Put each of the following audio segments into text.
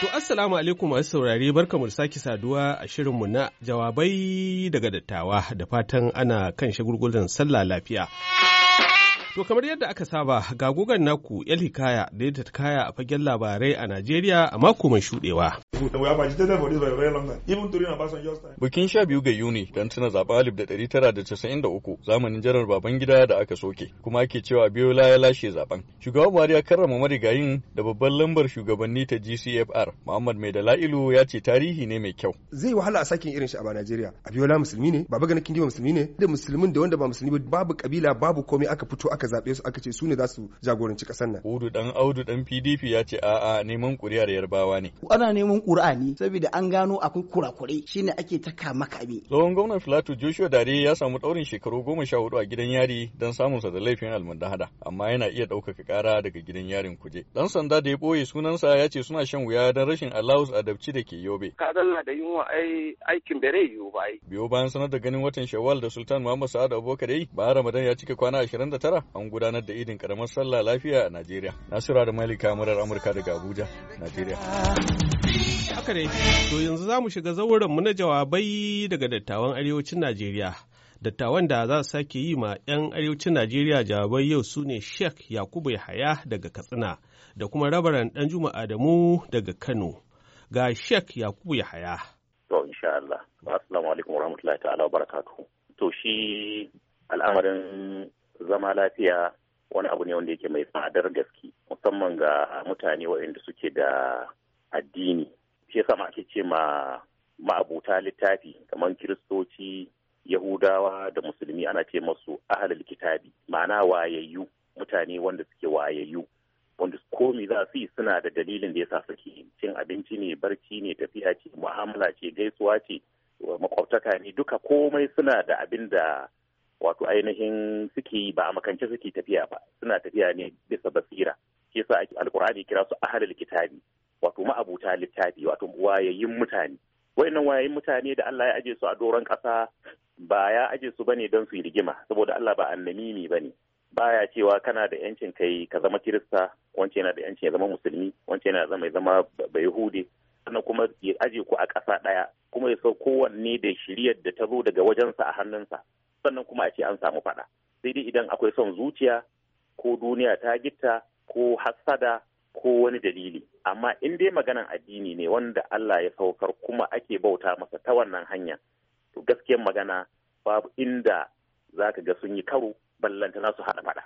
To assalamu alaikum masu saurari, barka mu sake saduwa a shirin mu na jawabai daga dattawa da fatan ana kan shagulgulan sallah lafiya. To kamar yadda aka saba ga gogon naku El Hikaya da ya kaya a fagen labarai a Najeriya a mako mai shudewa. Bikin sha biyu ga Yuni don tuna zaɓa alif da ɗari tara da casa'in da uku zamanin janar Babangida da aka soke kuma ake cewa Abiola ya lashe zaben. Shugaban Buhari ya karrama marigayin da babban lambar shugabanni ta GCFR Muhammad Mai Dala'ilu ya ce tarihi ne mai kyau. Zai wahala a sakin irin shi a Najeriya. Abiola musulmi ne, Baba ganin Kindi musulmi ne, da musulmin da wanda ba musulmi babu kabila babu komai aka fito aka zaɓe su aka ce su ne za su jagoranci ƙasar nan. Hudu dan Audu dan PDP ya ce a'a neman ƙuri'ar Yarbawa ne. Ana neman ƙuri'a ne saboda an gano akwai kurakure shi ne ake ta kama kame. Tsohon gwamnan Filato Joshua Dare ya samu ɗaurin shekaru goma sha hudu a gidan yari don samunsa da laifin almundahada amma yana iya ɗaukaka ƙara daga gidan yarin kuje. Ɗan sanda da ya ɓoye sunansa ya ce suna shan wuya don rashin allowance a dabci da ke yobe. Ka zanna da yunwa ai aikin bere yiwu ba ai. Biyo bayan sanar da ganin watan Shawwal da Sultan Muhammad Sa'ad Abubakar yi bayan Ramadan ya cika kwana 29 an gudanar da idin karamar sallah lafiya a Najeriya. Nasira da Malika murar Amurka daga Abuja, Najeriya. Haka ne, to yanzu za mu shiga mu na jawabai daga dattawan arewacin Najeriya. Dattawan da za su sake yi ma 'yan arewacin Najeriya jawabai yau su ne Sheikh Yakubu Yahaya daga Katsina da kuma Rabaran Juma Adamu daga Kano. Ga Sheikh Yakubu Yahaya. To, insha Allah. Assalamu alaikum wa rahmatullahi ta'ala wa barakatuhu. To, shi al'amarin zama lafiya wani abu ne wanda yake mai tsadar gaske musamman ga mutane waɗanda suke da addini shi yasa ake ce ma ma'abuta littafi kamar kiristoci yahudawa da musulmi ana ce masu ahalal kitabi ma'ana wayayyu mutane wanda suke wayayyu wanda komi za su yi suna da dalilin da ya yasa suke cin abinci ne barci ne tafiya ce mu'amala ce gaisuwa ce makwabtaka ne duka komai suna da abin da wato ainihin suke ba a makance suke tafiya ba suna tafiya ne bisa basira shi yasa alkur'ani kira su ahlul kitabi wato ma'abuta littafi wato wayayin mutane wayannan wayayin mutane da Allah ya aje su a doron ƙasa ba ya aje su bane don su yi rigima saboda Allah ba annabi ne bane baya cewa kana da yancin kai ka zama kirista wance yana da yancin ya zama musulmi wance yana zama ya zama bayahude sannan kuma ya aje ku a kasa ɗaya kuma ya sau kowanne da shiryar da ta zo daga wajensa a hannunsa sannan kuma a ce an samu faɗa sai dai idan akwai son zuciya ko duniya ta gitta ko hassada ko wani dalili amma in dai maganan addini ne wanda Allah ya saukar kuma ake bauta masa ta wannan hanya to gaskiyar magana babu inda za ka ga sun yi karo ballanta su haɗa faɗa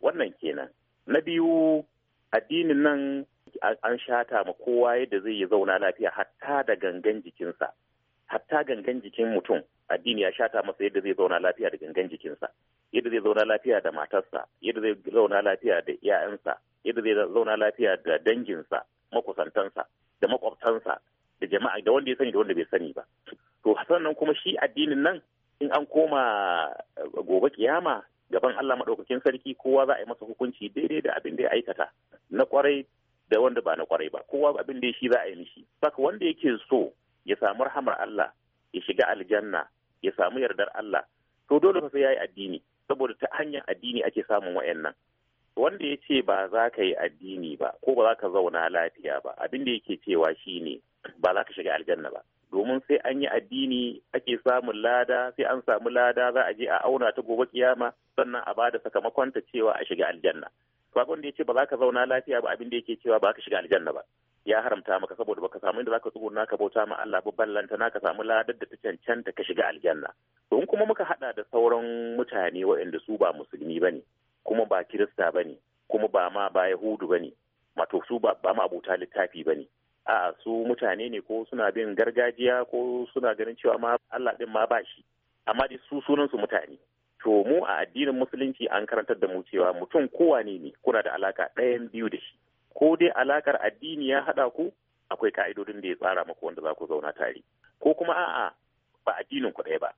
wannan kenan na biyu addinin nan an shata ma kowa yadda zai yi zauna lafiya hatta da gangan jikinsa hatta gangan jikin mutum addini ya shata masa yadda zai zauna lafiya da gangan jikinsa yadda zai zauna lafiya da matarsa yadda zai zauna lafiya da iyayensa yadda zai zauna lafiya da danginsa makusantansa da makwabtansa da jama'a da wanda ya sani da wanda bai sani ba to sannan kuma shi addinin nan in an koma eh, gobe kiyama gaban Allah maɗaukakin sarki kowa za a yi masa hukunci daidai da abin da ya aikata na kwarai da wanda ba na kwarai ba kowa abin da shi za a yi mishi saka wanda yake so ya samu rahamar Allah ya shiga aljanna ya samu yardar Allah to dole fa sai yayi addini saboda ta hanyar addini ake samun wayannan wanda ya ce ba za ka yi addini ba ko ba za ka zauna lafiya ba abin da yake cewa shi ne, ba za ka shiga aljanna ba domin sai an yi addini ake samun lada sai an samu lada za a je a auna ta gobe kiyama sannan a bada sakamakon ta cewa a shiga aljanna to abin da ce ba za ka zauna lafiya ba abin da yake cewa ba za ka shiga aljanna ba ya haramta maka saboda baka samu inda zaka tsuguna ka bauta ma Allah ba ballanta naka samu ladar da ta cancanta ka shiga aljanna to kuma muka hada da sauran mutane waɗanda su ba musulmi bane kuma ba kirista bane kuma ba ma ba yahudu bane wato su ba ba ma abota littafi bane a'a su mutane ne ko suna bin gargajiya ko suna ganin cewa ma Allah din ma ba shi amma dai su sunan su mutane to mu a addinin musulunci an karantar da mu cewa mutum ne ne kuna da alaka ɗayan biyu da shi ko dai alakar addini ya haɗa ku akwai ka'idodin da ya tsara maku wanda za ku zauna tare ko kuma a'a ba addinin ku ɗaya ba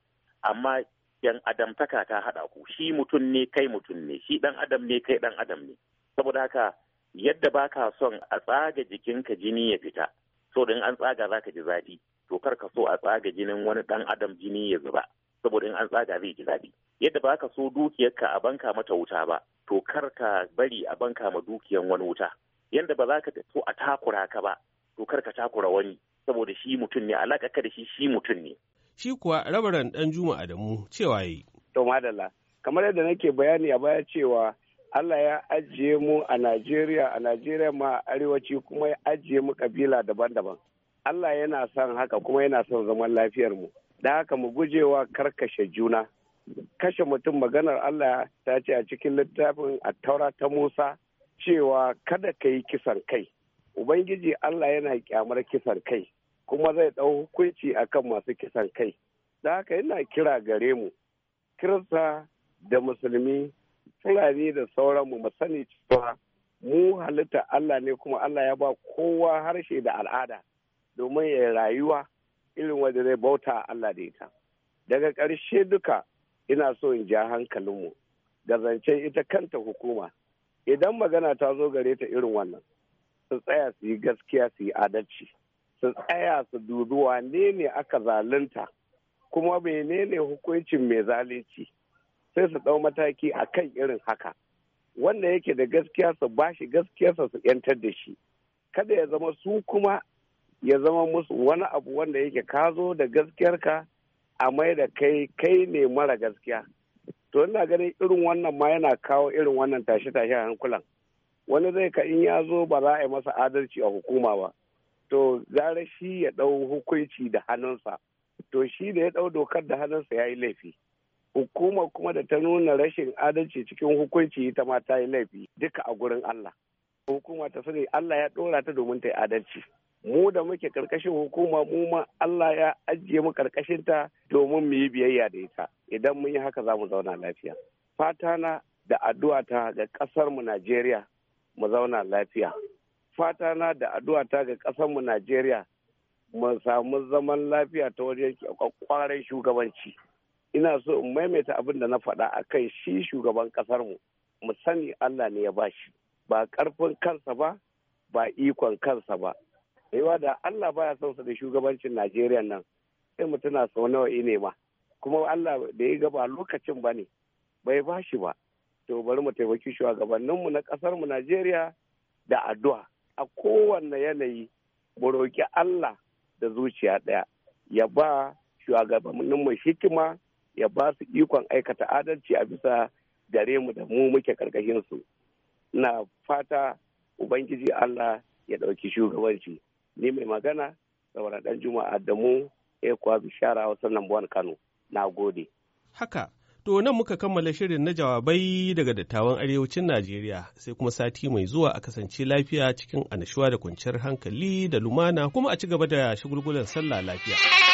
amma yan adamtaka ta haɗa ku shi mutum ne kai mutum ne shi ɗan adam ne kai ɗan adam ne saboda haka yadda ba ka son a tsaga jikinka jini ya fita so in an tsaga za ka ji zafi to kar ka so a tsaga jinin wani ɗan adam jini ya zuba saboda in an tsaga zai ji zafi yadda ba ka so dukiyarka a banka mata wuta ba to kar ka bari a banka ma dukiyan wani wuta yanda ba za ka so a takura ka ba to kar ka takura wani saboda shi mutum ne alaƙa ka da shi shi mutum ne. Shi kuwa rabaran ɗan Juma Adamu cewa yi. To madalla kamar yadda nake bayani a baya cewa Allah ya ajiye mu a Najeriya a Najeriya ma arewaci kuma ya ajiye mu kabila daban-daban. Allah yana son haka kuma yana son zaman lafiyar mu. Da haka mu gujewa karkashe juna. Kashe mutum maganar Allah ta ce a cikin littafin attaura ta Musa cewa kada ka yi kisan kai ubangiji allah yana kyamar kisan kai kuma zai ɗau hukunci akan masu kisan kai da haka yana kira gare mu kirista da musulmi fulani da sauran mu sani cewa mu halitta allah ne kuma allah ya ba kowa harshe da al'ada domin ya rayuwa irin wanda zai bauta allah da ita daga ƙarshe duka ina so in ja hankalinmu ga zancen ita kanta hukuma idan magana ta zo gare ta irin wannan su tsaya su yi gaskiya su yi adalci su tsaya su dubi wane ne aka zalunta kuma menene hukuncin mai zalunci sai su ɗau mataki a kan irin haka wanda yake da gaskiya su bashi shi gaskiyarsa su yantar da shi kada ya zama su kuma ya zama musu wani abu wanda yake ka zo da gaskiyarka a mai da kai kai ne mara gaskiya to ina ganin irin wannan ma yana kawo irin wannan tashe-tashe a hankulan wani zai ka in ya zo ba za a yi masa adalci a hukuma ba to gara shi ya ɗau hukunci da hannunsa to shi da ya ɗau dokar da hannunsa ya yi laifi hukuma kuma da ta nuna rashin adalci cikin hukunci ita ma ta yi laifi duka a gurin Allah hukuma ta sani Allah ya ɗora ta domin ta yi adalci mu da muke karkashin hukuma mu ma Allah ya ajiye mu karkashin domin mu yi biyayya da ita idan mun yi haka za mu zauna lafiya fata na da addu'a ta ga kasar mu Najeriya mu zauna lafiya fata na da addu'a ta ga kasar mu Najeriya mu samu zaman lafiya ta wajen kwakwaren shugabanci ina so in maimaita abin da na faɗa akan shi shugaban kasar mu mu sani Allah ne ya bashi ba karfin kansa ba ba ikon kansa ba yawa da Allah baya son sa da shugabancin Najeriya nan sai mutum na sau nawa ne ma kuma Allah da ya gaba lokacin ba ne bai ba shi ba to bari mu taimaki shugabanninmu na ƙasar mu Najeriya da addu'a a kowanne yanayi mu roƙi Allah da zuciya ɗaya ya ba shugabanninmu hikima ya ba su ikon aikata adalci a bisa gare mu da mu muke karkashin su na fata ubangiji Allah ya ɗauki shugabanci ni mai magana saboda dan juma'a da mu ekwa bishara hausa nan kano na gode haka to nan muka kammala shirin na jawabai daga dattawan arewacin najeriya sai kuma sati mai zuwa a kasance lafiya cikin anashuwa da kwanciyar hankali da lumana kuma a ci gaba da shagulgulan sallah lafiya